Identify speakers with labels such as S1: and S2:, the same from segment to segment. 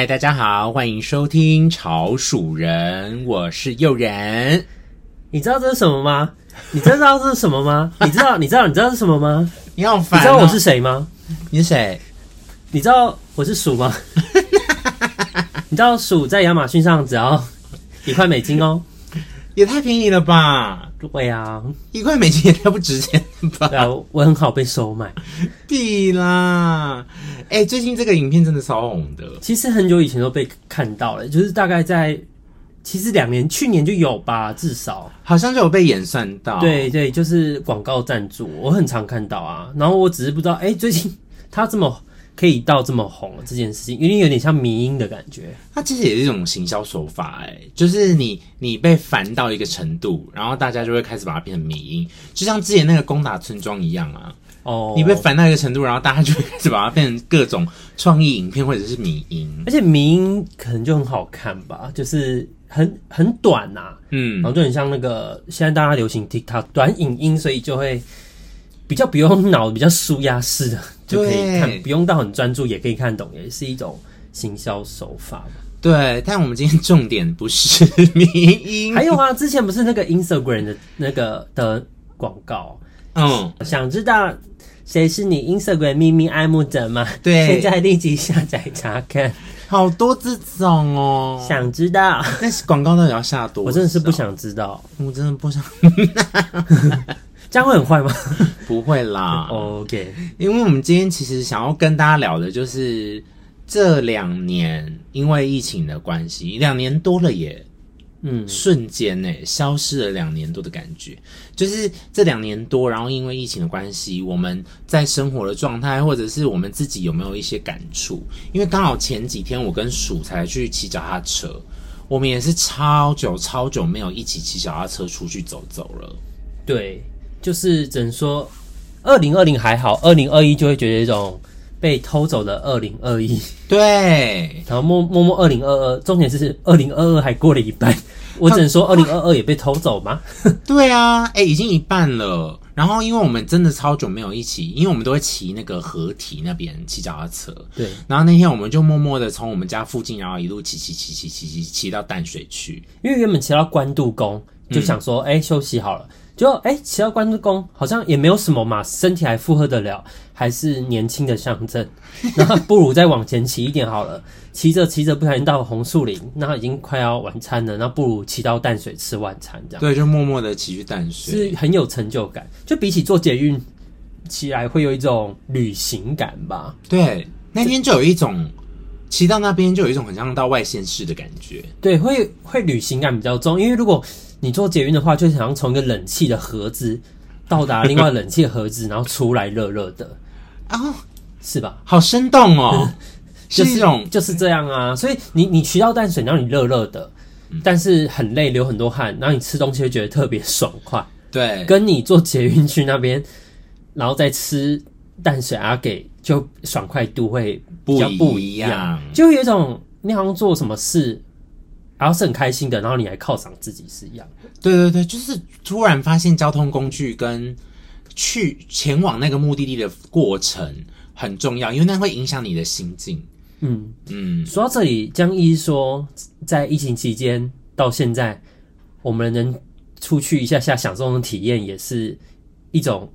S1: 嗨，大家好，歡迎收聽《潮鼠人》，我是又仁。
S2: 你知道這是什麼嗎？你知道這是什麼嗎？ 你知道？你知道？你知道這是什麼嗎？你好煩。你知道我是誰嗎？你是誰？你知道我是鼠嗎？ 你知道鼠在亞馬遜上只要一塊美金哦、喔，也太便宜了吧？對呀、啊，一塊美金也太不值錢了吧，啊！然後我很好被收買，屁啦！哎、欸，最近這個影片真的超紅的。其實很久以前都被看到了，就是大概在其實兩年，去年就有吧，至少好像就有被演算到。對對，就是廣告贊助，我很常看到啊。然後我只是不知道，哎、欸，最近他這麼可以到這麼紅，啊，這件事情，因為有點像迷因的感覺。它其實也是一種行銷手法，欸，哎，就是你你被煩到一個程
S1: 度，然後大家就會開始把它變成迷因，就像之前那個攻打村莊一樣啊。哦，你被煩到一個程度，然後大家就開始把它變成各種創意影片或者是迷因，
S2: 而且迷因可能就很好看吧，就是很很短吶，啊，嗯，然後就很像那個現在大家流行 TikTok 短影音，所以就會比較不用腦，比較舒壓式的。就可以看，對，看不用到很專注也可以看懂，也是一種行銷手法嘛。對，但我們今天重點不是迷因， 還有啊，之前不是那個 Instagram 的那個的廣告，嗯、就是，想知道誰是你 Instagram 祕密愛慕者嗎？對，現在立即下載查看。好多這種哦，想知道，但是廣告到底要下多少，我真的是不想知道，
S1: 我真的不想。 這樣會很壞嗎？ 不會啦。OK，因為我們今天其實想要跟大家聊的，就是這兩年因為疫情的關係，兩年多了耶，嗯，瞬間呢消失了兩年多的感覺。就是這兩年多，然後因為疫情的關係，我們在生活的狀態，或者是我們自己有沒有一些感觸？因為剛好前幾天我跟鼠才去騎腳踏車，我們也是超久超久沒有一起騎腳踏
S2: 車出去走走了。對。就是只能說，二零二零還好，二零二一就會覺得一種被偷走的二零二一。對，然後默默摸二零二二，摸摸二零二二，重點是二零二二還過了一半。我只能說二零二二也被偷
S1: 走嗎？對啊，哎、欸，已經一半了。然後因為我們真的超久沒有一起，因為我們都會騎那個河堤那邊騎腳踏車。對，然後那天我們就默默的從我們家
S2: 附近，然後一路騎騎騎騎騎騎騎騎騎到淡水去，因為原本騎到關渡宮就想說，哎、嗯欸，休息好了。就哎，騎、欸、到關渡宮好像也沒有什麼嘛，身體還負荷得了，還是年輕的象徵。那不如再往前騎一點好了。騎着騎着不小心到紅樹林，那已經快要晚餐了。那不如騎到淡水吃晚餐，這樣。對，就默默的騎去淡水，是很有成就感。就比起坐捷運，騎來會
S1: 有一種旅行感吧。對，那天就有一種騎是到那邊就有一
S2: 種很像到外縣市的感覺。對，會會旅行感比較重，因為如果。你坐捷運的話，就好像從一個冷氣的盒子到達另外冷氣的盒子， 然後出來熱熱的，啊，oh, 是吧？好生動哦， 就是這種就是這樣啊。所以你你騎到淡水，然後你熱熱的，但是很累，流很多汗，然後你吃東西會覺得特別爽快。對，跟你坐捷運去那邊，然後再吃淡水阿給，就爽快度會比較不一樣，一樣就有一種你好像做什麼事。然後是很開心的，然後你還犒賞自己是一樣的。對對
S1: 對，就是突然發現交通工具跟去前往那個目的地的
S2: 過程很重要，因為那會影響你的心境。嗯嗯，嗯說到這裡，江一說，在疫情期間到現在，我們能出去一下下享受這種體驗，也是一種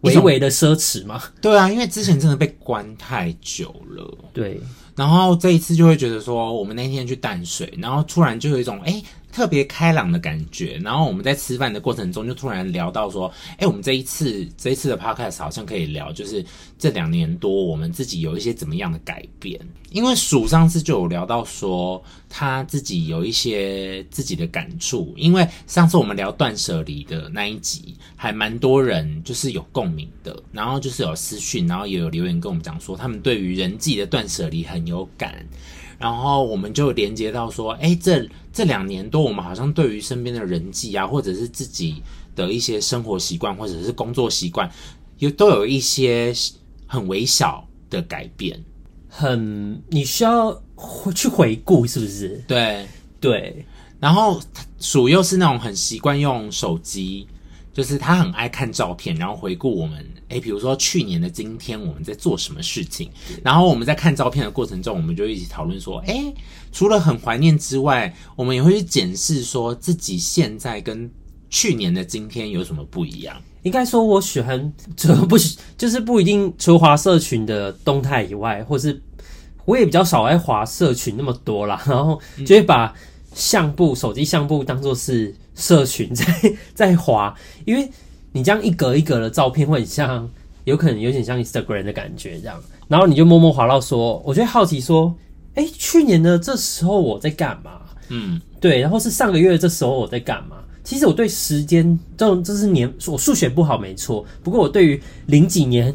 S2: 微微的奢侈嘛？對啊，因為之前真的被關太久了。嗯、對。然後這一次就會覺得
S1: 說，我們那天去淡水，然後突然就有一種哎特別開朗的感覺。然後我們在吃飯的過程中，就突然聊到說，哎，我們這一次這一次的 podcast 好像可以聊，就是這兩年多我們自己有一些怎麼樣的改變。因為鼠上次就有聊到說他自己有一些自己的感觸，因為上次我們聊斷捨離的那一集，還蠻多人就是有共鳴的，然後就是有私訊，然後也有留言跟我們講說，他們對於人際的斷捨離很有感，然後我們就連接到說，哎，這這兩年多，我們好像對於身邊的人際啊，或者是自己的一些生活習慣，或者是工作習慣，有都有一些很微小的改變，很
S2: 你需要回去回顧，是不是？
S1: 對對。對然後鼠又是那種很習慣用手機，就是他很愛看照片，然後回顧我們。誒，比如說去年的今天我們在做什麼事情，對然後我們在看照片的過程中，我們就一起討論說，誒，除了很懷念之外，我們也會去檢視說自己現在跟
S2: 去年的今天有什麼不一樣。應該說我喜歡，就是、不就是不一定，除滑社群的動態以外，或是我也比較少愛滑社群那麼多啦，然後就會把相簿、手機相簿當做是社群在，在滑，因為。你這樣一格一格的照片會很，會像有可能有點像 Instagram 的感覺這樣，然後你就默默滑到說，我就會好奇說，哎、欸，去年的這時候我在幹嘛？嗯，對，然後是上個月的這時候我在幹嘛？其實我對時間這種就是年，我數學不好沒錯，不過我對於零幾年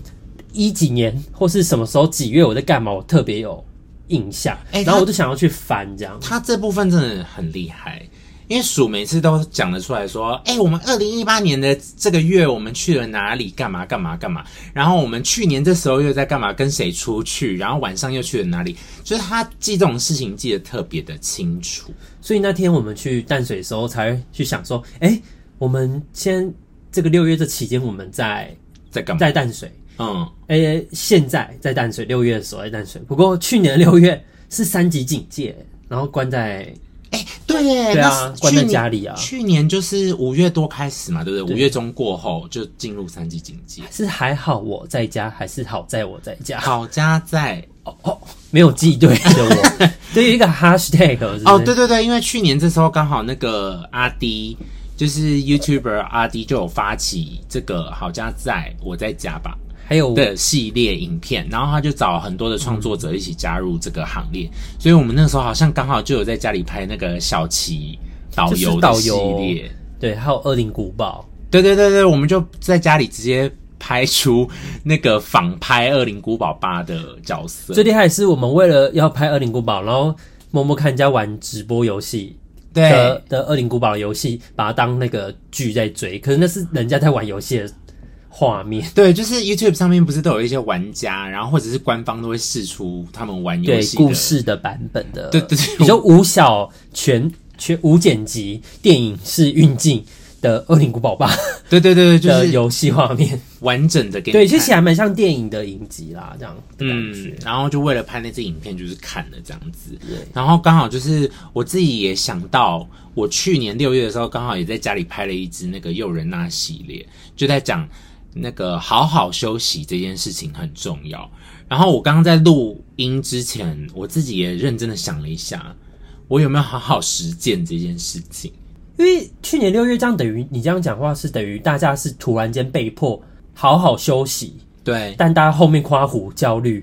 S2: 一幾年或是什麼時候幾月我在幹嘛，我特別有印象，欸、然後我就想
S1: 要去翻這樣。他這部分真的很厲害。因為鼠，每次都講得出來，說：“誒，我們二零一八年的這個月，我們去了哪裡？干嘛？幹嘛？幹嘛？然後我們去年這時候又在幹嘛？跟誰出去？然後晚上又去了哪裡？所以他記這種事情
S2: 記得特別的清楚。所以那天我們去淡水的時候，才去想說，欸，我們先這個六月這期間，我們在在幹嘛？在淡水。嗯，欸，現在在淡水，六月的時候在淡水。不過去年六月是三級警戒，然後關在。”欸、對，對啊，關在家裡啊，去
S1: 年就是五月多開始嘛，對不對？五對月中過後就進入三級警戒。還是還好我在家，
S2: 還是好在我在家？好家在哦哦，沒有記對的我， 有一個 hashtag 哦，對對
S1: 對，因為去年這時候剛好那個阿滴就是 YouTuber 阿滴就有發起這個好家在我在家吧。還有的系列影片，然後他就找很多的創作者一起加入這個行列，嗯、所以我們那時候好像剛好就有在家裡拍那個小旗導遊系列遊，對，還有惡靈古堡，對對對對，我們就在家裡直接拍出那個仿拍惡靈古堡8的角色。最
S2: 厲害是我們為了要拍惡靈古堡，然後默默看人家玩直播遊戲的的對惡靈古堡遊戲，把它當那個劇在追，可是那是人家在玩遊戲。的。畫面
S1: 對，就是 YouTube 上面不是都有一些玩家，然後或者是官方都會釋出他們玩遊戲故事的版本的，
S2: 對對，的對對對，比如說無小全全無剪輯電影式運鏡的《惡靈古堡八》，對對對，的遊戲畫面完整的給你，對，其實還蠻像電影的影集啦，這樣，嗯，
S1: 然後就為了拍那支影片，就是看了這樣子。對，然後剛好就是我自己也想到，我去年六月的時候，剛好也在家裡拍了一支那個誘人娜系列，就在講。那個好好休息這件事情很重要。然後我剛剛在錄音之前，我自己也認真的想了
S2: 一下，我有沒有好好實踐這件事情？因為去年六月，這樣等於你這樣講話，是等於大家是突然間被迫好好休息。對，但大家後面誇胡焦慮，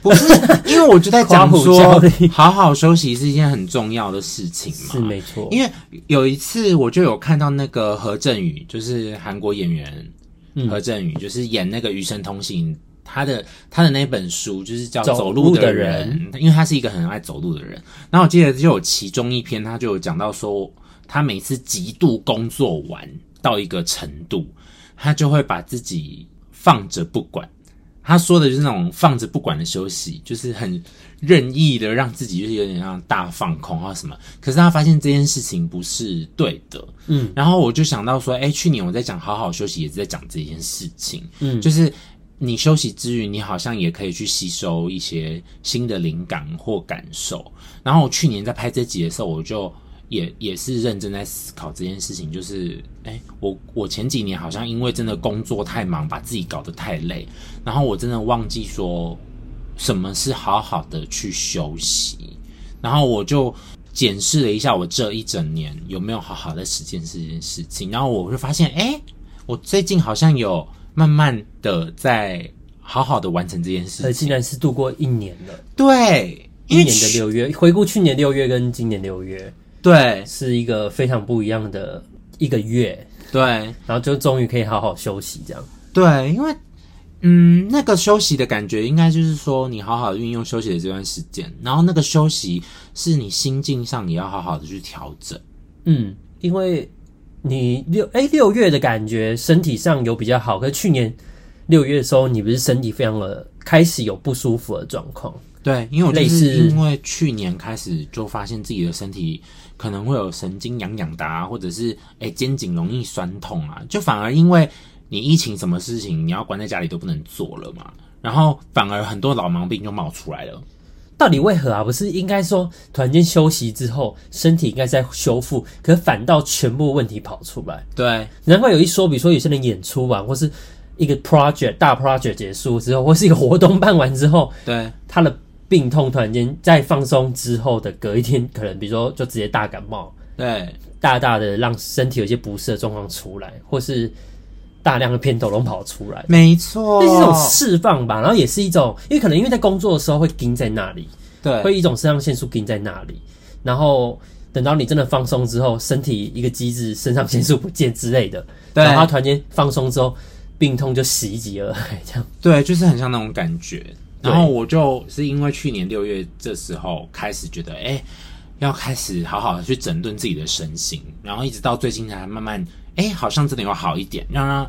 S2: 不是？ 因為我就在講說，
S1: 好好休息是一件很重要的事情嘛。是沒錯。因為有一次我就有看到那個河正宇，就是韓國演員。嗯，何振宇就是演那個《餘生同行》，他的他的那本書就是叫《走路的人》，因為他是一個很愛走路的人。然後我記得就有其中一篇，他就講到說，他每次極度工作完到一個程度，他就會把自己放着不管。他說的就是那種放着不管的休息，就是很任意的讓自己，就是有點像大放空或、啊、什麼。可是他發現這件事情不是對的，嗯。然後我就想到說，哎，去年我在講好好休息，也是在講這件事情，嗯，就是你休息之餘，你好像也可以去吸收一些新的靈感或感受。然後我去年在拍這集的時候，我就。也也是認真在思考這件事情，就是，哎、欸，我我前幾年好像因為真的工作太忙，把自己搞得太累，然後我真的忘記說，什麼是好好的去休息，然後我就檢視了一下我這一整年有沒有好好的實踐這件事情，然後我就發現，哎、欸，我最近好像有慢慢的在
S2: 好好的完成這件事情，而竟然是度過一年了，對，一年的六月，為回顧去年六月跟今年六月，對，是一個非常不一樣的一個月，對，然後就終於可以好好休息這樣。
S1: 對，因為，嗯，那個休息的感覺，應該就是說，你好好的運用休息的這段時間，然後那個休息
S2: 是你心境上你要好好的去調整。嗯，因為你六哎、欸、六月的感覺，身體上有比較好，可是去年六月的時候，你不是身體非常的開始有不舒服的狀況？對，因為我類似因
S1: 為去年開始就發現自己的身體。可能會有神經癢癢的啊，或者是哎、欸、肩頸容易酸痛啊，就反而因為你疫情什麼事情，你要關在家裡都不能做了嘛，
S2: 然後反而很多老毛病就冒出來了。到底為何啊？不是應該說突然間休息之後，身體應該在修復，可反倒全部問題跑出來？對，難怪有一說，比如說有些人演出完，或是一個 project 大 project 結束之後，或是一個活動辦完之後，對他的。病痛突然間在放鬆之後的隔一天，可能比如說就直接大感冒，對，大大的讓身體有一些不適的狀況出來，或是大量的偏頭痛跑出來，
S1: 沒錯，那是一種釋
S2: 放吧，然後也是一種，因為可能因為在工作的時候會盯在那裡，對，會一種腎上腺素盯在那裡，然後等到你真的放鬆之後，身體一個機制腎上腺素不見之類的，對，然後突然間放鬆之後，病痛就襲擊而來，這樣，對，就是很像那種感覺。然後我
S1: 就是因為去年六月這時候開始覺得，哎、欸，要開始好好的去整頓自己的身心，然後一直到最近才慢慢，哎、欸，好像真的有好一點，讓它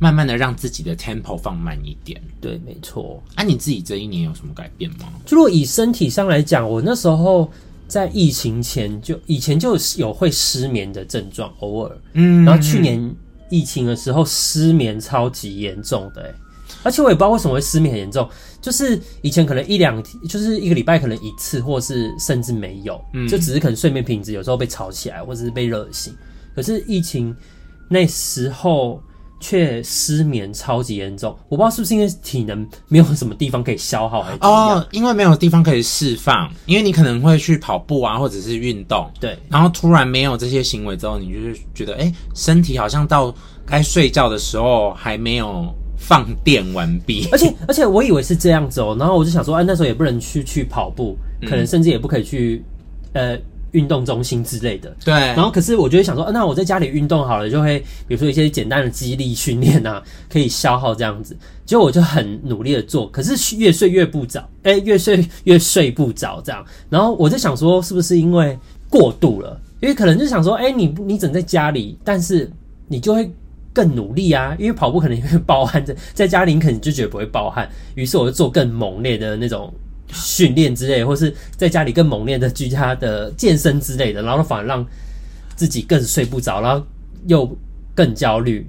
S1: 慢慢的讓自己的 tempo 放慢一點。對，
S2: 沒錯。啊，你自己這一年有什麼改變嗎？就如果以身體上來講，我那時候在疫情前就以前就有會失眠的症狀，偶爾，嗯，然後去年疫情的時候失眠超級嚴重的，欸，而且我也不知道為什麼會失眠很嚴重。就是以前可能一兩，就是一個禮拜可能一次，或是甚至沒有，嗯，就只是可能睡眠品質有時候被吵起來，或者是被熱醒。可是疫情那時候卻失眠超級嚴重，我不知道是不是因為體能沒有什麼地方可以消耗還，還是、哦、因為沒有地方可以釋放，因為你可能會去
S1: 跑步啊，或者是運動，對，然後突然沒有這些行為之後，你就是覺得哎、欸，身體好像到該睡覺的時候還沒有。放電完畢，
S2: 而且而且我以為是這樣子哦、喔，然後我就想說，哎、啊，那時候也不能去去跑步，可能甚至也不可以去，呃，運動中心之類的。對。然後可是我就會想說、啊，那我在家裡運動好了，就會比如說一些簡單的肌力訓練啊，可以消耗這樣子。結果我就很努力的做，可是越睡越不着，哎、欸，越睡越睡不着這樣。然後我就想說，是不是因為過度了？因為可能就想說，哎、欸，你你整在家裡，但是你就會。更努力啊，因為跑步可能也會爆汗，在在家裡你可能就覺得不會爆汗，於是我就做更猛烈的那種訓練之類，或是在家裡更猛烈的居家的健身之類的，然後反而讓自己更睡不着，然後又更焦慮，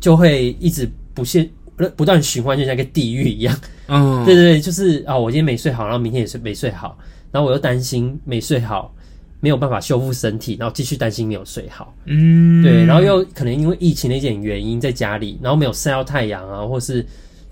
S2: 就會一直不限不不斷循環，就像個地獄一樣。嗯，oh. 對對對，就是啊、哦，我今天沒睡好，然後明天也睡沒睡好，然後我又擔心沒睡好。沒有辦法修復身體，然後繼續擔心沒有睡好，嗯，對，然後又可能因為疫情的一點原因，在家裡，然後沒有曬到太陽啊，或是。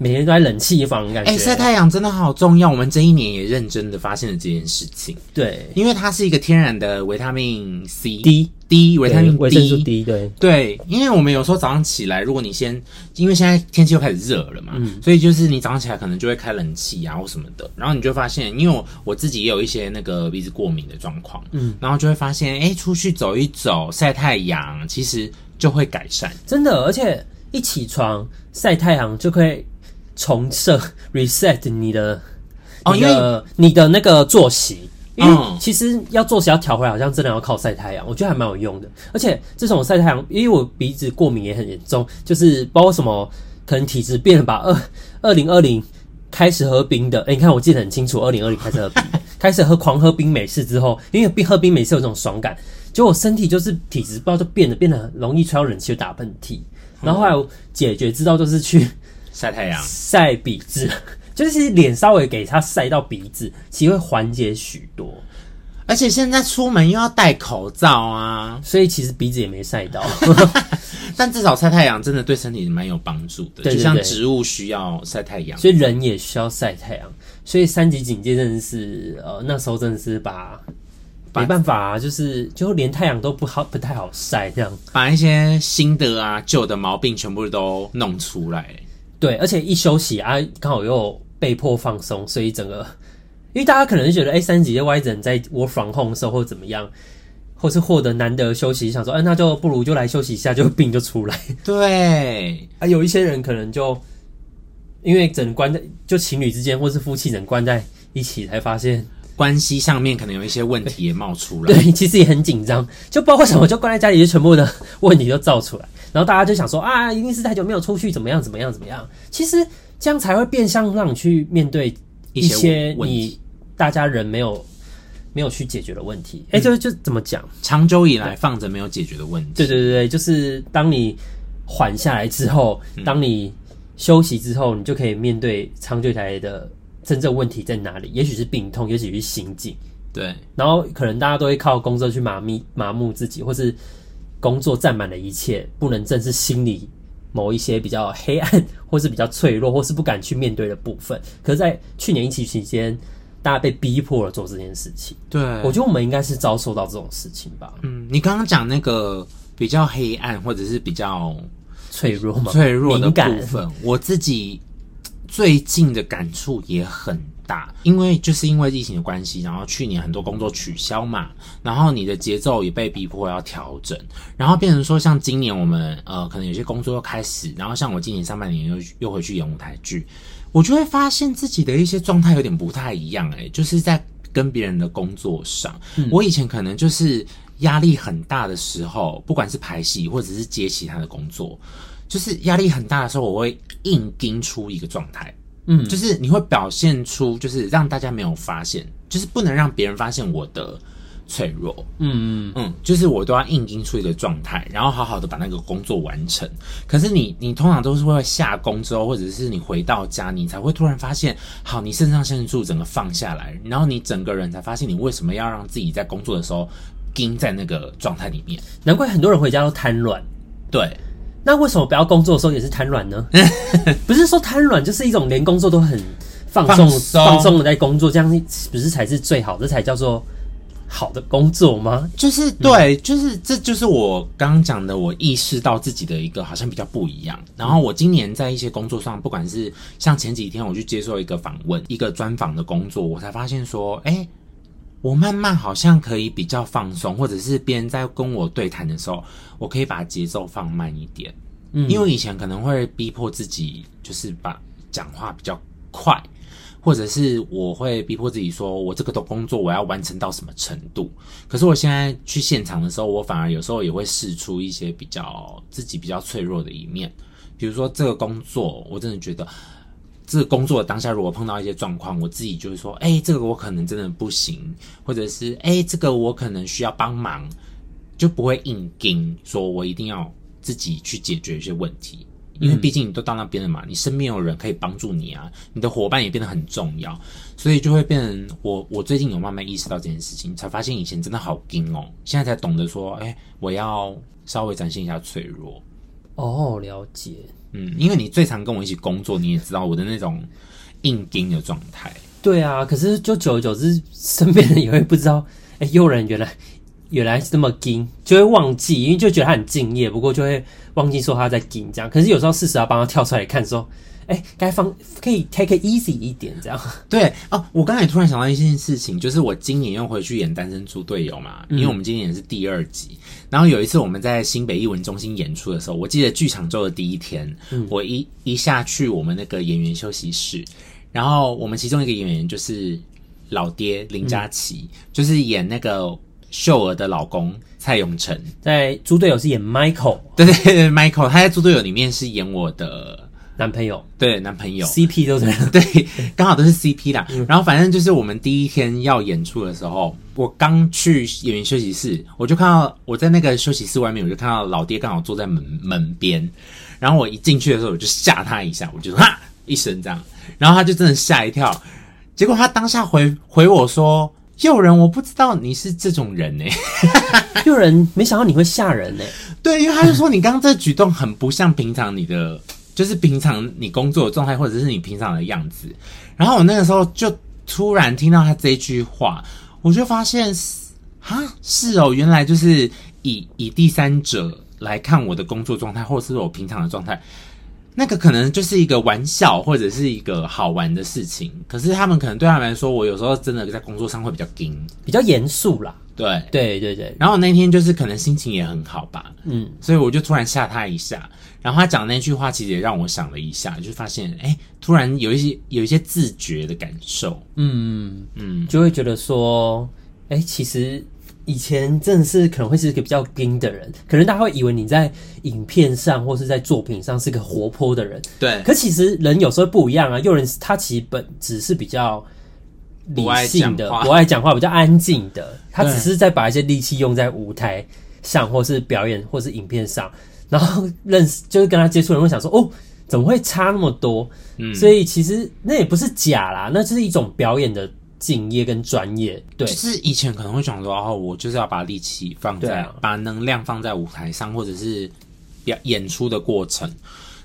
S2: 每天都在冷氣房，感覺。哎、欸，曬太陽真的好重要。我們這一年也認真的發現了這件事情。對，
S1: 因為它是一個天然的維他命 C D、D、維他命 D 對，維生素 D，對，對，因為我們有時候早上起來，如果你先因為現在天氣又開始熱了嘛，嗯、所以就是你早上起來可能就會開冷氣啊或什麼的，然後你就發現，因為我，我自己也有一些那個鼻子過敏的狀況，嗯，然後就會發現，哎、欸，出去走一走，曬太陽其實就會
S2: 改善。真的，而且一起床曬太陽就可以。重設 reset 你的，你的、oh, 因為你的那個作息，因為其實要作息要調回來，好像真的要靠曬太陽，我覺得還蠻有用的。而且自從我曬太陽，因為我鼻子過敏也很嚴重，就是包括什麼可能體質變了吧。二二零二零開始喝冰的，哎、欸，你看我記得很清楚，二零二零開始喝冰， 開始喝狂喝冰美式之後，因為冰喝冰美式有這種爽感，結果我身體就是體質不知道就變得變得很容易吹到冷氣就打噴嚏。嗯、然後後來我解決之道就是去。曬太陽，曬鼻子，就是其實臉稍微給它曬到鼻子，其實會緩解許多。而且現在出門又要戴口罩啊，所以其實鼻子也沒曬到。
S1: 但至少曬太陽
S2: 真的對身體蠻有幫助的，對對對，就像植物需要曬太陽，所以人也需要曬太陽。所以三級警戒真的是，呃，那時候真的是把，沒辦法啊，就是就連太陽都不好，不太好曬，這樣把一些新的啊舊的毛病全部都弄出來。對，而且一休息啊，剛好又被迫放鬆，所以整個，因為大家可能是覺得，哎，三級的又仁在我防控的時候或怎麼樣，或是獲得難得休息，想說，哎、啊，那就不如就來休息一下，就病就出來。對，啊，有一些人可能就因為整關在，就情侶之間或是夫妻整關在一起，才發現關係上面可能有一些問題也冒出來。對，對，其實也很緊張，就包括什麼，就關在家裡就全部的問題都造出來。然後大家就想說啊，一定是太久沒有出去，怎麼樣，怎麼樣，怎麼樣？其實這樣才會變相讓你去面對
S1: 一些你
S2: 大家人沒有沒有去解決的問題。哎，就就怎麼講？長久以來放着沒有解決的問題。對，對對對對，就是當你緩下來之後，當你休息之後，你就可以面對長久以來的真正問題在哪裡？也許是病痛，也許是心境。對，然後可能大家都會靠工作去麻痹麻木自己，或是。工作占滿了一切，不能正視心裡某一些比較黑暗、或是比較脆弱、或是不敢去面對的部分。可是，在去年疫情期間，大家被逼迫了做這件事情。對，我覺得我們應該是遭受到這種事情吧。嗯，你剛剛講那個比較黑暗，或者是
S1: 比較脆弱嘛、脆弱的部分，敏感。我自己。最近的感觸也很大，因為就是因為疫情的關係，然後去年很多工作取消嘛，然後你的節奏也被逼迫要調整，然後變成說像今年我們呃，可能有些工作又開始，然後像我今年上半年又又回去演舞台劇，我就會發現自己的一些狀態有點不太一樣、欸，哎，就是在跟別人的工作上，嗯、我以前可能就是壓力很大的時候，不管是排戲或者是接其他的工作。就是壓力很大的時候，我會硬撐出一個狀態，嗯，就是你會表現出，就是讓大家沒有發現，就是不能讓別人發現我的脆弱，嗯嗯嗯，就是我都要硬撐出一個狀態，然後好好的把那個工作完成。可是你，你通常都是會下工之後，或者是你回到家，你才會突然發現，好，你腎上腺素整個放下來，然後你整個人才發現，你為什麼要讓自
S2: 己在工作的時候撐在那個狀態裡面？難怪很多人回家都癱軟，對。那為什麼不要工作的時候也是癱軟呢？ 不是說癱軟，就是一種連工作都很放鬆、放鬆鬆的在工作，這樣不是才是最好的？這才叫做好的工作嗎？就是對，嗯、就是這就是我剛剛講的，我意識到
S1: 自己的一個好像比較不一樣。然後我今年在一些工作上，不管是像前幾天我去接受一個訪問、一個專訪的工作，我才發現說，哎、欸。我慢慢好像可以比較放鬆，或者是別人在跟我對談的時候，我可以把節奏放慢一點。嗯，因為以前可能會逼迫自己，就是把講話比較快，或者是我會逼迫自己說，我這個的工作我要完成到什麼程度。可是我現在去現場的時候，我反而有時候也會試出一些比較自己比較脆弱的一面。比如說這個工作，我真的覺得。這個工作當下，如果碰到一些狀況，我自己就會說，哎、欸，這個我可能真的不行，或者是哎、欸，這個我可能需要幫忙，就不會硬頂，說我一定要自己去解決一些問題，因為畢竟你都到那邊了嘛，你身邊有人可以幫助你啊，你的夥伴也變得很重要，所以就會變成我，我我最近有慢慢意識到這件事情，才發現以前真的好硬哦，現在才懂得說，哎、欸，我要稍微展現一下脆弱。
S2: 哦，了解。
S1: 嗯，因為你最常跟我一起工作，你也知道我的那種
S2: 硬釘的狀態。對啊，可是就久而久之，身邊人也會不知道，誒、欸、又仁原來原來是這麼釘，就會忘記，因為就覺得他很敬業，不過就會忘記說他在釘這樣。可是有時候適時要幫他跳出來看說。哎，該放可以 take easy 一點這樣。對哦，我剛才突然想到一件事情，就是我今年又回去演《單身
S1: 豬隊友》嘛，嗯、因為我們今年也是第二集。然後有一次我們在新北藝文中心演出的時候，我記得劇場周的第一天，嗯、我一一下去我們那個演員休息室，然後我們其中一個演員就是老爹林佳琪，嗯、就是演那個秀兒的老公蔡永成，在《豬隊友》是演 Michael，對對對，Michael，他在《豬隊友》裡面是演我的。男朋友對，男朋友 CP 都成對，剛好都是 CP 啦。對然後反正就是我們第一天要演出的時候，嗯、我剛去演員休息室，我就看到我在那個休息室外面，我就看到老爹剛好坐在門門邊。然後我一進去的時候，我就嚇他一下，我就說哈一聲這樣，然後他就真的嚇一跳。結果他當下回回我說：“又仁，我不知道你是這種人呢、欸， 又仁，沒想到你會嚇人呢、欸。”對，因為他就說你剛剛這舉動很不像平常你的。就是平常你工作的狀態，或者是你平常的樣子。然後我那個時候就突然聽到他這一句話，我就發現，是，哈，是哦，原來就是以以第三者來看我的工作狀態，或者是我平常的狀態。那個可能就是一個玩笑，或者是一個好玩的事情。可是他們可能對他們來說，我有時候真的在工作上會比較硬，比較嚴肅啦。對，對，對，對，對，對。然後那天就是可能心情也很好吧，嗯，所以我就突然嚇他一下。然後他講那句話，其實也讓我想了一下，就發現，哎、欸，突然有一些有
S2: 一些自覺的感受，嗯嗯，嗯就會覺得說，哎、欸，其實。以前真的是可能會是一個比較硬的人，可能大家會以為你在影片上或是在作品上是個活潑的人。對。可其實人有時候不一樣啊，有人他其實本質是比較理
S1: 性的，不愛講話，不愛
S2: 講話，比較安靜的。他只是在把一些力氣用在舞台上，或是表演，或是影片上。然後認識就是跟他接觸人會想說：“哦，怎麼會差那麼多？”嗯。所以其實那也不是假啦，那就是一種表演的。敬業跟專業，對，就是以前可能會想
S1: 說，哦，我就是要把力氣放在，哦、把能量放在舞台上，或者是演出的過程。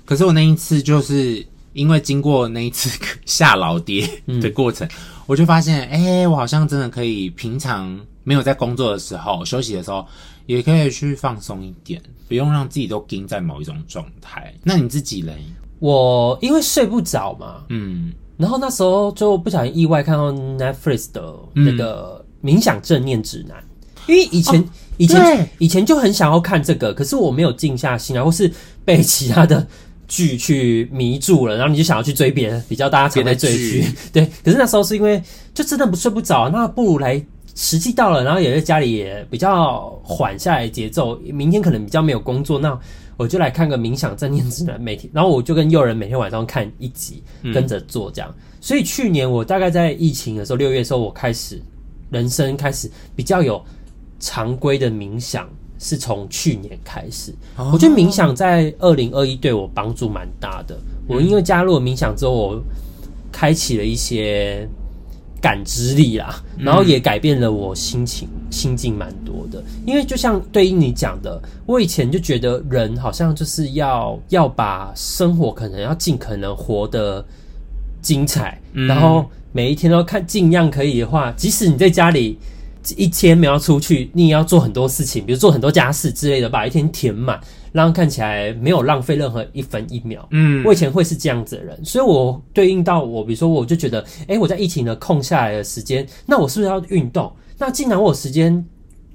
S1: 可是我那一次，就是因為經過那一次下老爹的過程，嗯、我就發現，哎、欸，我好像真的可以，平常沒有在工作的時候，休息的時候，也可以去放鬆一點，不用讓自己都盯在
S2: 某一種狀態。那你自己嘞？我因為睡不着嘛，嗯。然後那時候就不小心意外看到 Netflix 的那個《冥想正念指南》，嗯，因為以前、哦、以前、對以前就很想要看這個，可是我沒有靜下心來，或是被其他的劇去迷住了，然後你就想要去追別的，比較大家常在追劇，對。可是那時候是因為就真的不睡不着，啊，那不如來實際到了，然後也在家裡也比較緩下來節奏，明天可能比較沒有工作那，我就來看個冥想正念指南，每天，然後我就跟又仁每天晚上看一集，嗯、跟着做這樣。所以去年我大概在疫情的時候，六月的時候，我開始人生開始比較有常規的冥想，是從去年開始。哦、我覺得冥想在二零二一對我幫助蠻大的。我因為加入了冥想之後，我開啟了一些。感知力啦，然後也改變了我心情、嗯、心境蠻多的，因為就像對應你講的，我以前就覺得人好像就是要要把生活可能要儘可能活得精彩，嗯、然後每一天都看盡量可以的話，即使你在家裡一天沒有出去，你也要做很多事情，比如做很多家事之類的，把一天填滿。讓看起來沒有浪費任何一分一秒，嗯，我以前會是這樣子的人，所以我對應到我，比如說我就覺得，哎、欸，我在疫情的空下來的時間，那我是不是要運動？那既然我有時間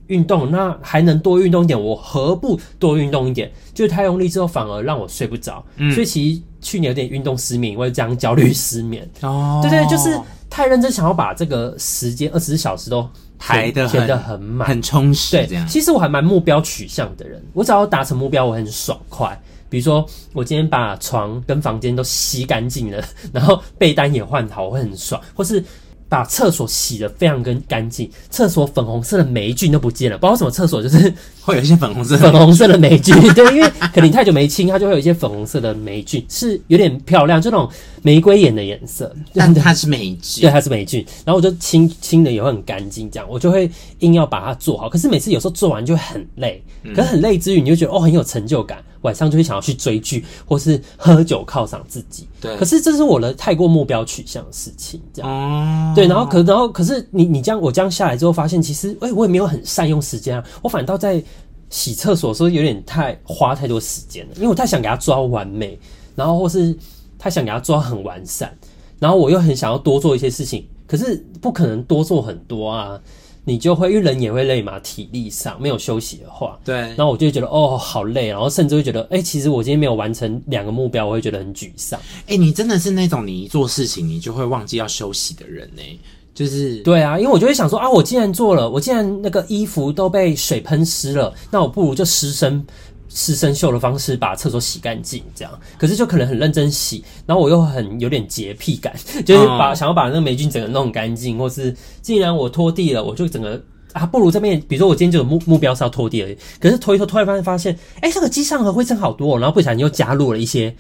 S2: 運動，那還能多運動一點，我何不多運動一點？就是太用力之後反而讓我睡不着，嗯、所以其實去年有點運動失眠，我也這樣焦慮失眠，哦，對對，就是。太認真，想要把這個時間二十四小時都排得很滿很，很充實，對，這樣。其實我還蠻目標取向的人，我只要達成目標，我很爽快。比如說，我今天把床跟房間都吸乾淨了，然後被單也換好，我會很爽，或是。把廁所洗得非常跟乾淨，廁所粉紅色的黴菌都不見了。包括什麼廁所，就是會有一些粉紅色粉紅色的黴菌， 對，因為可能你太久沒清，它就會有一些粉紅色的黴菌，是有點漂亮，就那種玫瑰鹽的顏色。但它是黴菌，對，它是黴菌。然後我就清清的也會很乾淨，這樣我就會硬要把它做好。可是每次有時候做完就會很累，可是很累之餘，你就覺得哦，很有成就感。晚上就會想要去追劇，或是喝酒犒賞自己。對，可是這是我的太過目標取向的事情，這樣。啊、對，然後可然後可是你你這樣我這樣下來之後，發現其實哎、欸，我也沒有很善用時間啊，我反倒在洗廁所的時候有點太花太多時間了，因為我太想給他抓完美，然後或是太想給他抓很完善，然後我又很想要多做一些事情，可是不可能多做很多啊。你就會，因為人也會累嘛，體力上沒有休息的話，對。然後我就會覺得，哦，好累，然後甚至會覺得，哎、欸，其實我今天沒有完成兩個目標，我會覺得很沮喪。哎、欸，你真的是那種你一做事情你就會忘記要休息的人呢、欸，就是。對啊，因為我就會想說啊，我既然做了，我既然那個衣服都被水噴濕了，那我不如就濕身。是生鏽的方式把廁所洗乾淨，這樣，可是就可能很認真洗。然後我又很有點潔癖感，就是把、嗯、想要把那個黴菌整個弄乾淨，或是既然我拖地了，我就整個啊，不如這邊，比如說我今天就有目目標是要拖地而已。可是拖一拖，突然發現發現，哎、欸，這個機上盒灰塵好多，然後不小心又加入了一些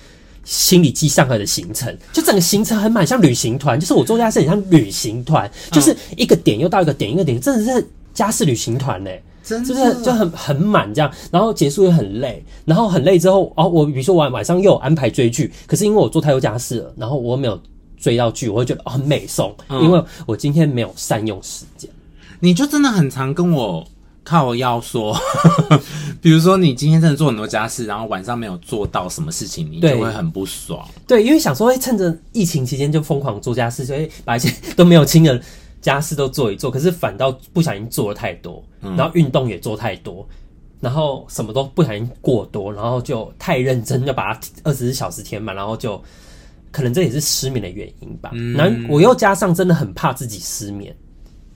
S2: 心理機上盒的行程，就整個行程很滿，像旅行團，就是我做家事很像旅行團，就是一個點又到一個點，一個點，真的是家事旅行團呢、欸。真的，就，就很很滿這樣，然後結束也很累，然後很累之後啊、哦，我比如說晚晚上又安排追劇，可是因為我做太多家事了，然後我又沒有追到劇，我會覺得很、哦、沒用、嗯，因為我今天沒有善用時間。你就真的很常
S1: 跟我靠我腰說， 比如說你今天真的做很多家事，然後晚上沒有做到什麼事情，你就會很不爽。
S2: 對，對，因為想說趁着疫情期間就瘋狂做家事，所以白天都沒有親人。家事都做一做，可是反倒不小心做了太多，嗯、然後運動也做太多，然後什麼都不小心過多，然後就太認真，就把它二十四小時填滿，然後就可能這也是失眠的原因吧。嗯、然後我又加上真的很怕自己失眠，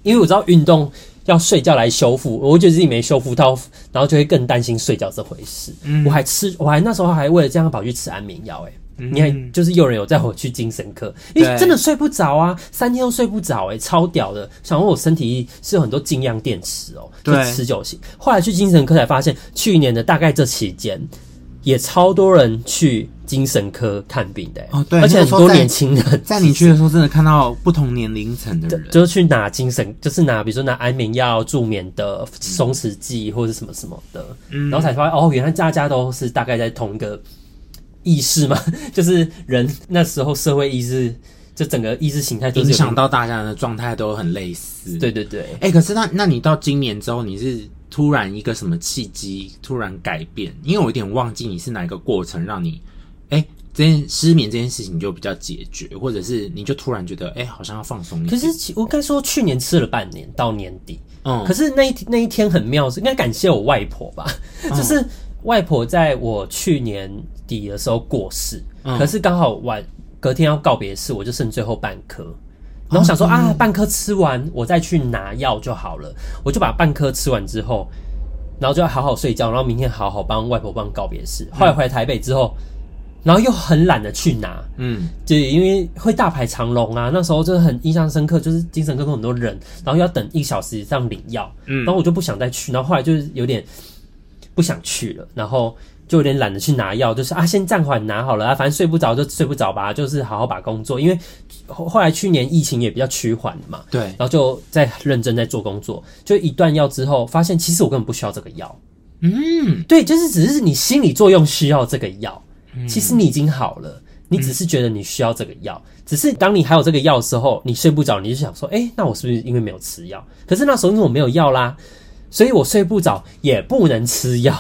S2: 因為我知道運動要睡覺來修復，我覺得自己沒修復到，然後就會更擔心睡覺這回事。嗯、我還吃，我還那時候還為了這樣跑去吃安眠藥、欸，誒你看就是有人有帶我去精神科，嗯、因為真的睡不着啊，對三天都睡不着哎、欸，超屌的。想說我身體是有很多勁量電池哦、喔，對，持久型。後來去精神科才發現，去年的大概這期間也超多人去精神科看病的、欸、哦，對，而且很多年輕人你在，在你去的時候，真的看到不同年齡層的人，是是對就是去拿精神，就是拿比如說拿安眠藥、助眠的鬆弛劑或者什麼什麼的，嗯，然後才發現哦，原來大家都是大概在同一個。意識嘛，就是人那時候社會意識，就整個意識形態影響到大家的狀態都很類似。對對對，哎、欸，可是那那你到今
S1: 年之後，你是突然一個什麼契機突然改變？因為我有點忘記你是哪一個過程讓你，哎、欸，這失眠這件事情就比較解決，或者是你就突
S2: 然覺得哎、欸，好像要放鬆。可是我該說去年吃了半年到年底，嗯，可是那一那一天很妙是，應該感謝我外婆吧，就、嗯、是外婆在我去年底的時候過世，可是剛好晚、哦、隔天要告別式，我就剩最後半顆，
S1: 然後想說、哦、啊，
S2: 半顆吃完我再去拿藥就好了，我就把半顆吃完之後，然後就要好好睡覺，然後明天好好幫外婆幫告別式。嗯、後來回來台北之後，然後又很懶得去拿，嗯，就因為會大排長龍啊，那時候真的很印象深刻，就是精神科很多人，然後要等一小時這樣領藥，嗯，然後我就不想再去，然後後來就是有點不想去了，然後。就有點懶得去拿藥，就是啊，先暫緩拿好了啊，反正睡不着就睡不着吧，就是好好把工作。因為後後來去年疫情也比較趨緩嘛，對，然後就在認真在做工作。就一斷藥之後，發現其實我根本不需要這個藥。嗯，對，就是只是你心理作用需要這個藥，嗯、其實你已經好了，你只是覺得你需要這個藥。嗯、只是當你還有這個藥的時候，你睡不着，你就想說，哎、欸，那我是不是因為沒有吃藥？可是那時候因為我沒有藥啦，所以我睡不着也不能吃藥。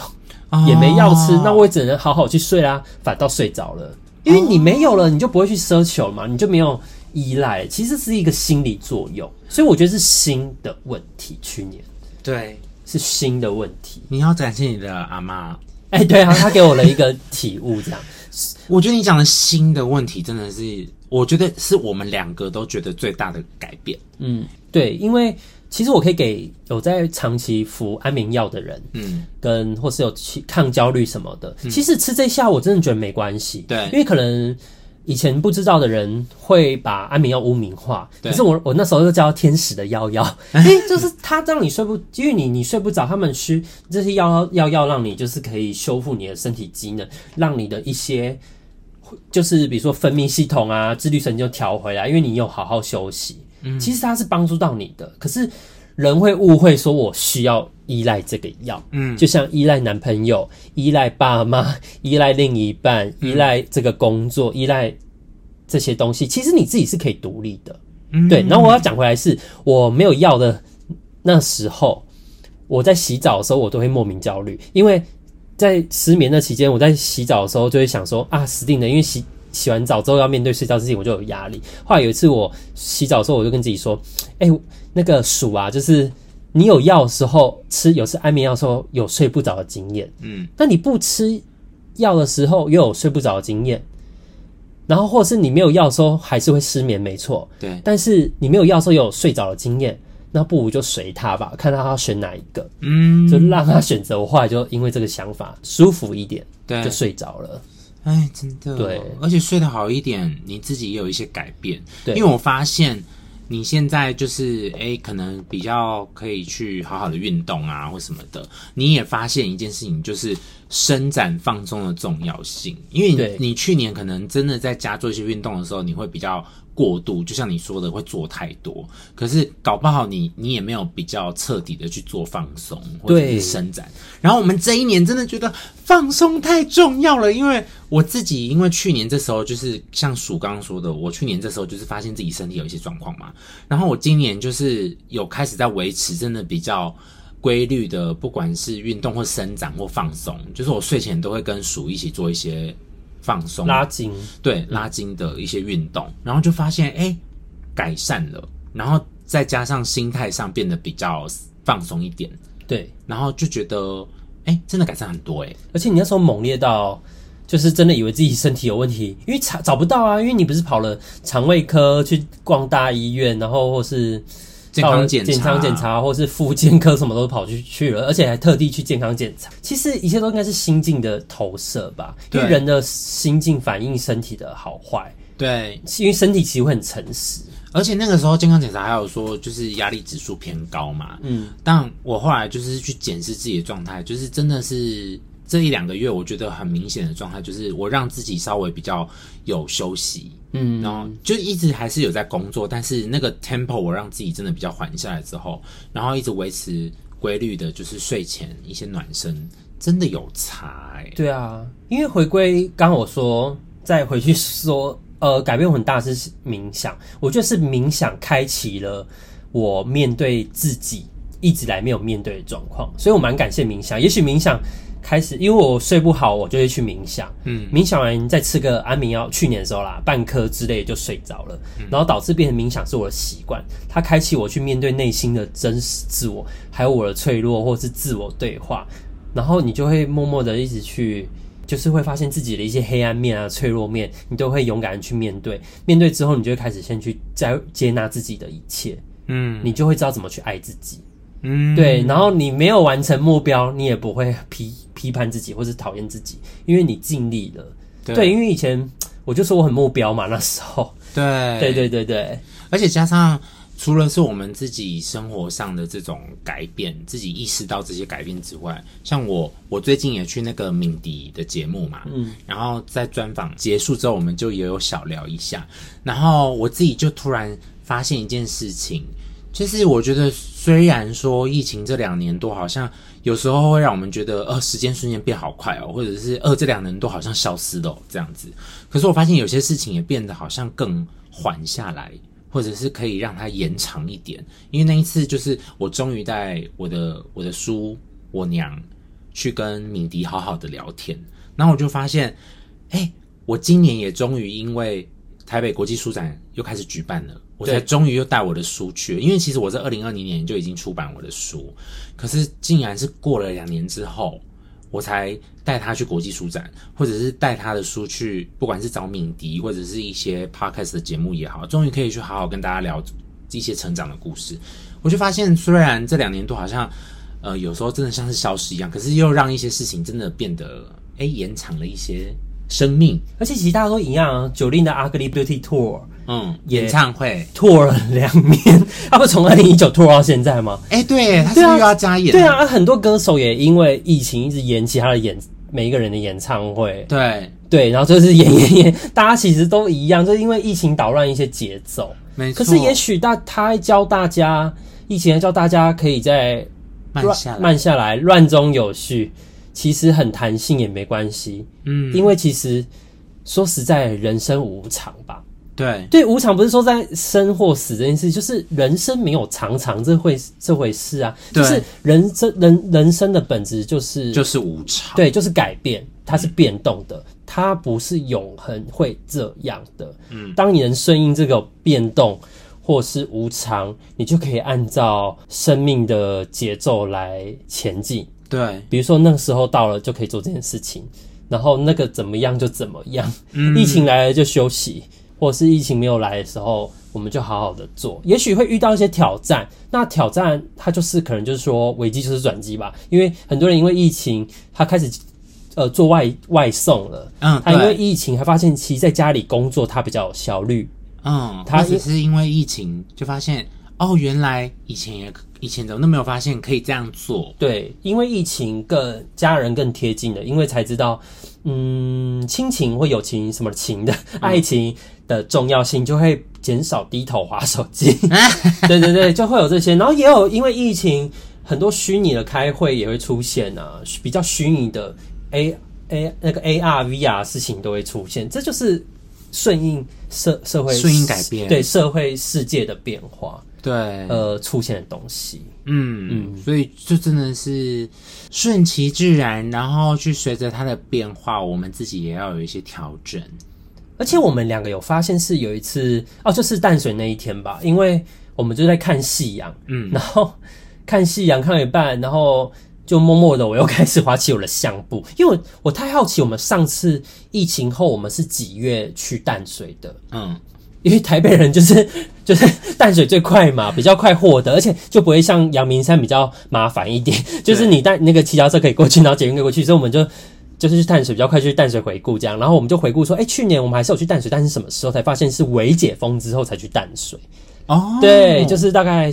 S2: 也沒藥吃，那我也只能好好去睡啦，啊，反倒睡着了。因為你沒有了，你就不會去奢求嘛，你就沒有依賴，其實是一個心理作用。所以我覺得是心的問題。去年，對，是心的問題。你要感謝你的阿媽，哎、欸，對啊，他給我了一個
S1: 體悟。這樣， 我覺得你講的心的問題，真的是，我覺得是我們兩
S2: 個都覺得最大的改變。嗯，對，因為。其實我可以給有在長期服安眠藥的人，嗯，跟或是有抗焦慮什麼的，嗯、其實吃這些藥我真的覺得沒關係，對，因為可能以前不知道的人會把安眠藥污名化。對可是，我我那時候就叫天使的藥藥，因為、 欸、就是他讓你睡不，因為你你睡不着，他們需這些藥藥藥讓你就是可以修復你的身體機能，讓你的一些就是比如說分泌系統啊、自律神經就調回來，因為你有好好休息。其實他是幫助到你的，可是人會誤會說我需要依賴這個藥，嗯，就像依賴男朋友、依賴爸媽、依賴另一半、嗯、依賴這個工作、依賴這些東西，其實你自己是可以獨立的，嗯、對。然後我要講回來是，我沒有藥的那時候，我在洗澡的時候，我都會莫名焦慮，因為在失眠的期間，我在洗澡的時候就會想說啊，死定了，因為洗。洗完澡之後要面對睡覺之前我就有壓力。後來有一次我洗澡的時候，我就跟自己說：“哎、欸，那個鼠啊，就是你有藥的時候吃，有吃安眠藥時候有睡不着的經驗。嗯，那你不吃藥的時候又有睡不着的經驗，然後或者是你沒有藥時候還是會失眠，沒錯。對，但是你沒有藥時候又有睡着的經驗，那不如就隨他吧，看他要選哪一個。嗯，
S1: 就讓他選
S2: 擇。我後來就因為這個想法舒服一點，對，就睡着了。
S1: 哎，真的哦。對，
S2: 而且睡得好一點，你自己也有一些改變。對，因為我
S1: 發現你現在就是，哎，可能比較可以去好好的運動啊，或什麼的。你也發現一件事情，就是伸展放鬆的重要性。因為你，對你去年可能真的在家做一些運動的時候，你會比較。過度，就像你說的會做太多，可是搞不好你你也沒有比較徹底的去做放鬆或者是伸展。對然後我們這一年真的覺得放鬆太重要了，因為我自己因為去年這時候就是像鼠剛剛說的，我去年這時候就是發現自己身體有一些狀況嘛，然後我今年就是有開始在維持真的比較規律的，不管是運動或伸展或放鬆，就是我睡前都會跟鼠一起做一些。放鬆拉筋，對，拉筋的一些運動，嗯、然後就發現哎、欸，改善了，然後再加上心態上變得比較放鬆一點，
S2: 對，然後就覺得哎、欸，真的改善很多哎、欸，而且你那時候猛烈到，就是真的以為自己身體有問題，因為查找，不到啊，因為你不是跑了腸胃科去逛大醫院，然後或是。
S1: 健康檢查、檢查，
S2: 或是婦健科什麼都跑去去了，而且還特地去健康檢查。其實一切都應該是心境的投射吧，對因為人的心境反映身體的好壞。對，因為身體其實會很誠實。而且那個時候健康檢查還有說就是壓力指數偏高嘛。嗯，但我
S1: 後來就是去檢視自己的狀態，就是真的是。這一兩個月，我覺得很明顯的狀態就是，我讓自己稍微比較有休息，嗯，然後就一直還是有在工作，但是那個 tempo 我讓自己真的比較緩下來之後，然後一直維持規律的，就是睡前一些暖身，真的有差
S2: 欸。對啊，因為回歸剛剛我說，再回去說，呃，改變我很大的是冥想，我覺得是冥想開啟了我面對自己一直來沒有面對的狀況，所以我蠻感謝冥想，也許冥想。開始，因為我睡不好，我就會去冥想。嗯，冥想完再吃個安眠藥。去年的時候啦，半顆之類的就睡着了，然後導致變成冥想是我的習慣。它開啟我去面對內心的真實自我，還有我的脆弱，或是自我對話。然後你就會默默的一直去，就是會發現自己的一些黑暗面啊、脆弱面，你都會勇敢的去面對。面對之後，你就會開始先去再接納自己的一切。嗯，你就會知道怎麼去愛自己。
S1: 嗯，對，然
S2: 後你沒有完成目標，你也不會批批判自己或是討厭自己，因為你盡力了。對，對，因為以前我就說我很目標嘛，那時候。對，對，對對對對，
S1: 對而且加上除了是我們自己生活上的這種改變，自己意識到這些改變之外，像我，我最近也去那個敏迪的節目嘛，嗯，然後在專訪結束之後，我們就也有小聊一下，然後我自己就突然發現一件事情。其實我覺得，雖然說疫情這兩年多好像有時候會讓我們覺得，呃，時間瞬間變好快哦，或者是，呃，這兩年多好像消失了哦，這樣子。可是我發現有些事情也變得好像更緩下來，或者是可以讓它延長一點。因為那一次，就是我終於帶我的我的叔、我娘去跟敏迪好好的聊天，然後我就發現，哎，我今年也終於因為台北國際書展又開始舉辦了。我才終於又帶我的書去了，對因為其實我在二零二零年就已經出版我的書，可是竟然是過了兩年之後，我才帶他去國際書展，或者是帶他的書去，不管是找敏迪或者是一些 podcast 的節目也好，終於可以去好好跟大家聊一些成長的故事。我就發現，雖然這兩年多好像，呃，有時候真的像是消失一樣，可是又讓一些事情真的變得哎延長了一些
S2: 生命，而且其實大家都一樣、啊，Jolin 的 Ugly Beauty Tour。嗯，演唱會拖了兩年，他、嗯啊、不從二零一九拖到現在嗎？哎、欸，對，他是，是
S1: 又要加演。對，啊，對啊，
S2: 啊，很多歌手也因為疫情一直延期他的演，每一個人的演唱會。對對，然後就是演演演，大家其實都一樣，就是因為疫情搗亂一些節奏。沒錯。可是也許大他，他還教大家，疫情還教大家可以在慢下來，慢下來，亂中有序，其實很彈性也沒關係。嗯，因為其實說實在，人生無常吧。對對，無常不是說在生或死這件事，就是人生沒有常常這回這回事啊。對，就是人生人人生的本質就是就是無常，對，就是改變，它是變動的，嗯、它不是永恆會這樣的。嗯，當你能順應這個變動或是無常，你就可以按照生命的節奏來前進。對，比如說那個時候到了就可以做這件事情，然後那個怎麼樣就怎麼樣。嗯，疫情來了就休息。或是疫情沒有來的時候，我們就好好的做，也許會遇到一些挑戰。那挑戰它就是可能就是說危機就是轉機吧，因為很多人因為疫情他開始呃做外外送了，嗯，他因為疫情他對發現其實在家裡工作他比較有效率，嗯，他只是
S1: 因為疫情就發現哦，原來以前也以前怎麼都沒有發現可以這樣
S2: 做，對，因為疫情更家人更貼近了，因為才知道。嗯，親情或友情什麼情的，愛情的重要性就會減少，低頭滑手機，嗯、 對對對，就會有這些。然後也有因為疫情，很多虛擬的開會也會出現啊，比較虛擬的 A, A A 那個 A R V R 事情都會出現，這就是順應社社會順應改變，對社會世界的變化。對，呃，出現的東西，
S1: 嗯嗯，嗯，所以這真的是順其自然，然後去隨着它的變化，我們自己也
S2: 要有一些調整。而且我們兩個有發現是有一次哦，就是淡水那一天吧，因為我們就在看夕陽，嗯，然後看夕陽看了一半，然後就默默的我又開始滑起我的相簿，因為我我太好奇，我們上次疫情後我們是幾月去淡水的，嗯，因為台北人就是就是淡水最快嘛，比較快獲得，而且就不會像陽明山比較麻煩一點，就是你搭那個腳踏車可以過去，然後捷運可以過去，所以我們就就是去淡水比較快去淡水回顧這樣。然後我們就回顧說，哎、欸，去年我們還是有去淡水，但是什麼時候才發現是微解封之後才去淡水，
S1: 哦，oh. 對，就是
S2: 大概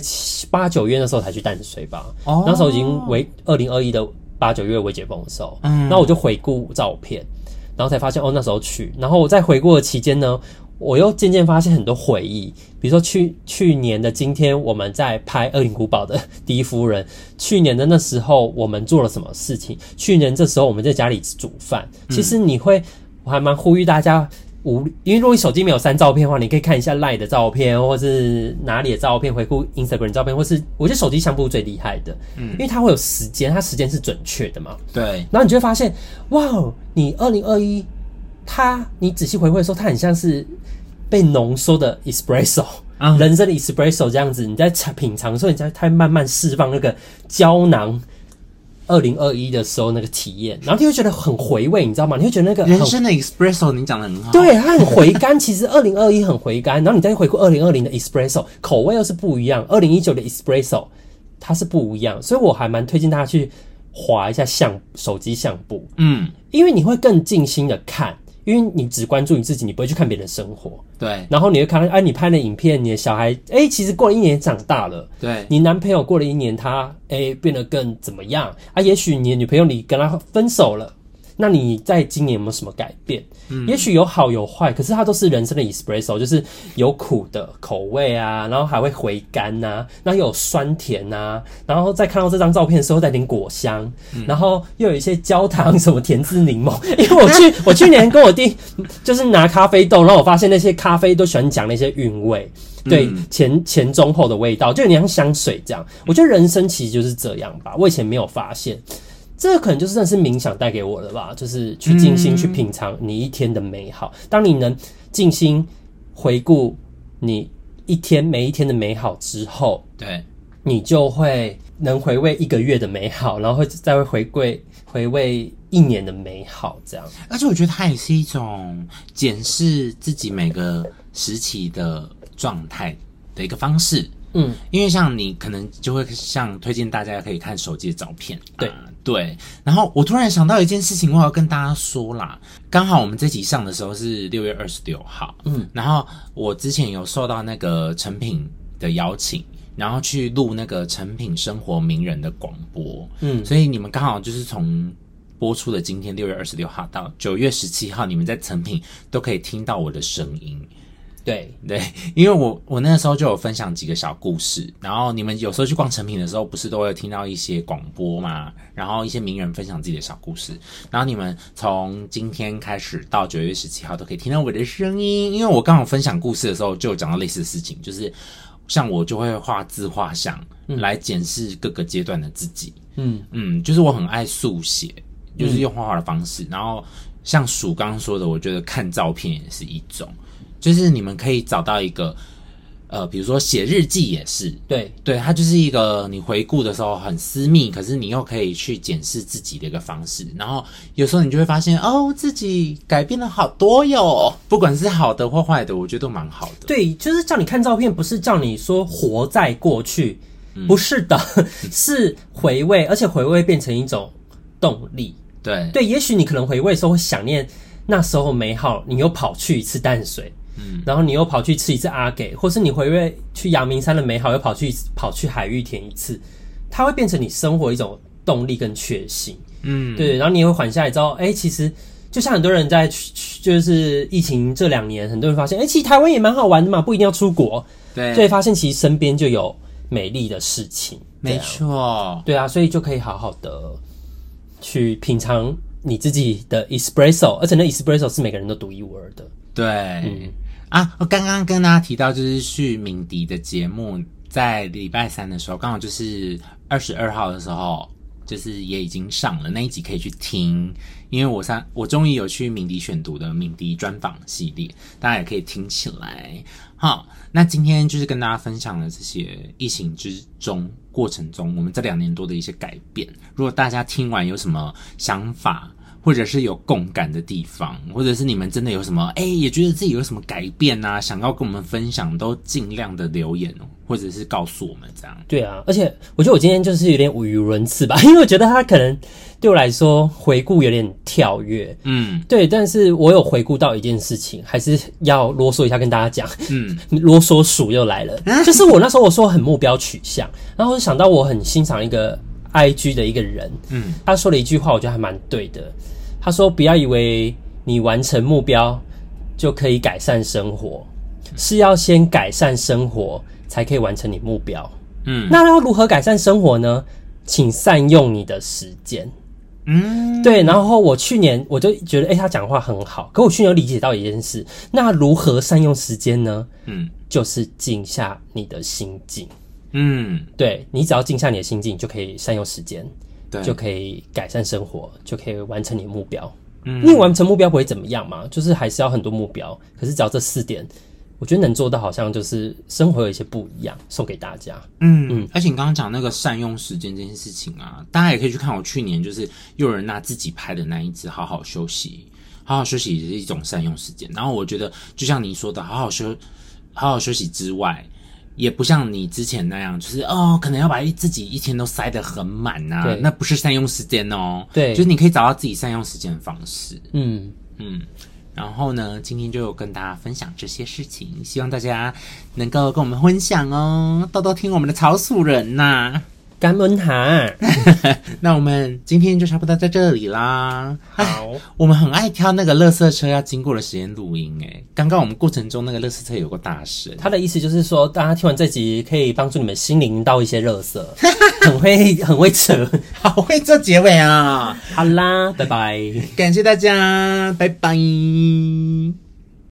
S2: 八九月那時候才去淡水吧。哦，那時候已經微二零二一的八九月微解封的時候。嗯，那我就回顧照片，然後才發現哦，那時候去。然後我在回顧的期間呢，我又漸漸發現很多回憶，比如說去去年的今天，我們在拍《二零古堡》的第一夫人。去年的那時候，我們做了什麼事情？去年這時候，我們在家裡煮飯。嗯、其實你會，我還蠻呼籲大家，無因為如果你手機沒有刪照片的話，你可以看一下 LINE 的照片，或是哪裡的照片，回顧 Instagram 照片，或是我覺得手機相簿最厲害的，嗯，因為它會有時間，它時間是準確的嘛。對。然後你就會發現，哇哦，你二零二一。它，你仔細回味的時候，它很像是被濃縮的 espresso 啊、uh，huh. 人生的 espresso 這樣子。你在品嘗的時候，你在它慢慢釋放那個膠囊。二零二一的時候那個體驗，然後你會覺得很回味，你知道嗎？你會覺得那個人生的 espresso，你講得很好，對，它很回甘。 其實二零二一很回甘，然後你再回顧二零二零的 espresso，口味又是不一樣。二零一九的 espresso 它是不一樣，所以我還蠻推薦大家去滑一下相手機相簿，嗯，因為你會更靜心的看。因為你只關注你自己，你不會去看別人的生活。對，然後你會看，啊，你拍的影片，你的小孩，哎、欸，其實過了一年長大了。對，你男朋友過了一年，他哎、欸、變得更怎麼樣？啊，也許你的女朋友你跟他分手了。那你在今年有沒有什麼改變？嗯，也許有好有壞，可是它都是人生的 espresso，就是有苦的口味啊，然後還會回甘吶，啊，那有酸甜吶，啊，然後再看到這張照片的時候帶點果香，嗯，然後又有一些焦糖什麼甜汁檸檬。 因為我去我去年跟我弟就是拿咖啡豆，然後我發現那些咖啡都喜歡講那些韻味，對前前中後的味道，就有點像香水這樣，我覺得人生其實就是這樣吧，我以前沒有發現。這可能就真的是冥想帶給我的吧，就是去靜心去品嘗你一天的美好。嗯，當你能靜心回顧你一天每一天的美好之後，對，你就會能回味一個月的美好，然後再會回歸回味一年的美好這樣。而且我覺
S1: 得它也是一種檢視自己每個時期的狀態的一個方式。嗯，因為像你可能就會像推薦大家可以看手機的照片，對。呃對，然後我突然想到一件事情，我要跟大家說啦。剛好我們這集上的時候是六月二十六號，嗯，然後我之前有受到那個誠品的邀請，然後去錄那個誠品生活名人的廣播，嗯，所以你們剛好就是從播出的今天六月二十六號到九月十七號，你們在誠品都可以聽到我的聲音。對對，因為我我那時候就有分享幾個小故事，然後你們有時候去逛誠品的時候，不是都會有聽到一些廣播嘛？然後一些名人分享自己的小故事，然後你們從今天開始到九月十七號都可以聽到我的聲音。因為我剛好分享故事的時候就有講到類似的事情，就是像我就會畫自畫像來檢視各個階段的自己，嗯嗯，就是我很愛速寫，就是用畫畫的方式，嗯、然後像鼠剛剛說的，我覺得看照片也是一種。就是你們可以找到一個，呃，比如說寫日記也是，對對，它就是一個你回顧的時候很私密，可是你又可以去檢視自己的一個方式。然後有時候你就會發現，哦，自己改變了好多喲。不管是好的或壞的，我覺得都蠻好的。對，就是叫你看照片，
S2: 不是叫你說活在過去，嗯，不是的，是回味，嗯，而且回味變成一種動力。對對，也許你可能回味的時候會想念那時候美好，你又跑去一次淡水。嗯、然後你又跑去吃一次阿給，或是你回味去陽明山的美好，又跑去跑去海芋田一次，它會變成你生活一種動力跟確信。嗯，對，然後你也會緩下來之後，哎，其實就像很多人在就是疫情這兩年，很多人發現，哎，其實台灣也蠻好玩的嘛，不一定要出國。對，所以發現其實身邊就有美麗的事情。啊、沒錯。對啊，所以就可以好好的去品嘗你自己的 espresso，而且那 espresso 是每個人都獨一無二的。對，嗯。啊，我、哦、剛剛跟大家提到，就是去
S1: 敏迪的節目，在禮拜三的時候，剛好就是二十二號的時候，就是也已經上了那一集，可以去聽。因為我上，我終於有去敏迪選讀的敏迪專訪系列，大家也可以聽起來。好，那今天就是跟大家分享了這些疫情之中過程中，我們這兩年多的一些改變。如果大家聽完有什麼想法，或者是有共感的地方，或者是你們真的有什麼，哎、欸，也覺得自己有什麼改變啊，想要跟我們分享，都盡量的留言哦，或者是告訴我們這樣。
S2: 對啊，而且我覺得我今天就是有點語無倫次吧，因為我覺得他可能對我來說回顧有點跳躍，嗯，對。但是我有回顧到一件事情，還是要囉嗦一下跟大家講，嗯，囉嗦鼠又來了，嗯、就是我那時候我說很目標取向，然後我想到我很欣賞一個 IG 的一個人，嗯，他說了一句話，我覺得還蠻對的。他說：“不要以為你完成目標就可以改善生活，嗯、是要先改善生活才可以完成你目標。”嗯，那要如何改善生活呢？請善用你的時間。嗯，對。然後我去年我就覺得，哎、欸，他講話很好。可我去年理解到一件事，那如何善用時間呢？嗯，就是靜下你的心境。嗯，對，你只要靜下你的心境，就可以善用時間。對，就可以改善生活，就可以完成你的目標。嗯，你完成目標不會怎麼樣嘛？就是還是要很多目標，可是只要這四點，我覺得能做到，好像就是生活有一些不一樣。送給大家。嗯嗯，嗯，而且你剛剛講那個善用時間這件事情啊，
S1: 大家也可以去看我去年就是又仁、啊、自己拍的那一支好好休息，好好休息也是一種善用時間。然後我覺得，就像你說的，好好休，好好休息之外。也不像你之前那樣，就是哦，可能要把一自己一天都塞得很滿吶、啊。對，那不是善用時間哦。對，就是你可以找到自己善用時間的方式。嗯嗯，然後呢，今天就跟大家分享這些事情，希望大家能夠跟我們分享哦，多多聽我們的草鼠人吶、啊。干論壇， 那我們今天就差不多在這裡啦。好， 我們很愛挑那個垃圾
S2: 車要經過的時間錄音、欸。哎，剛剛我們過程中那個垃圾車有個大神，他的意思就是說，大家聽完這集可以幫助你們心靈倒一些垃圾， 很會很會扯， 好會做結尾啊、哦。好啦，拜拜，
S1: 感謝大家，拜拜。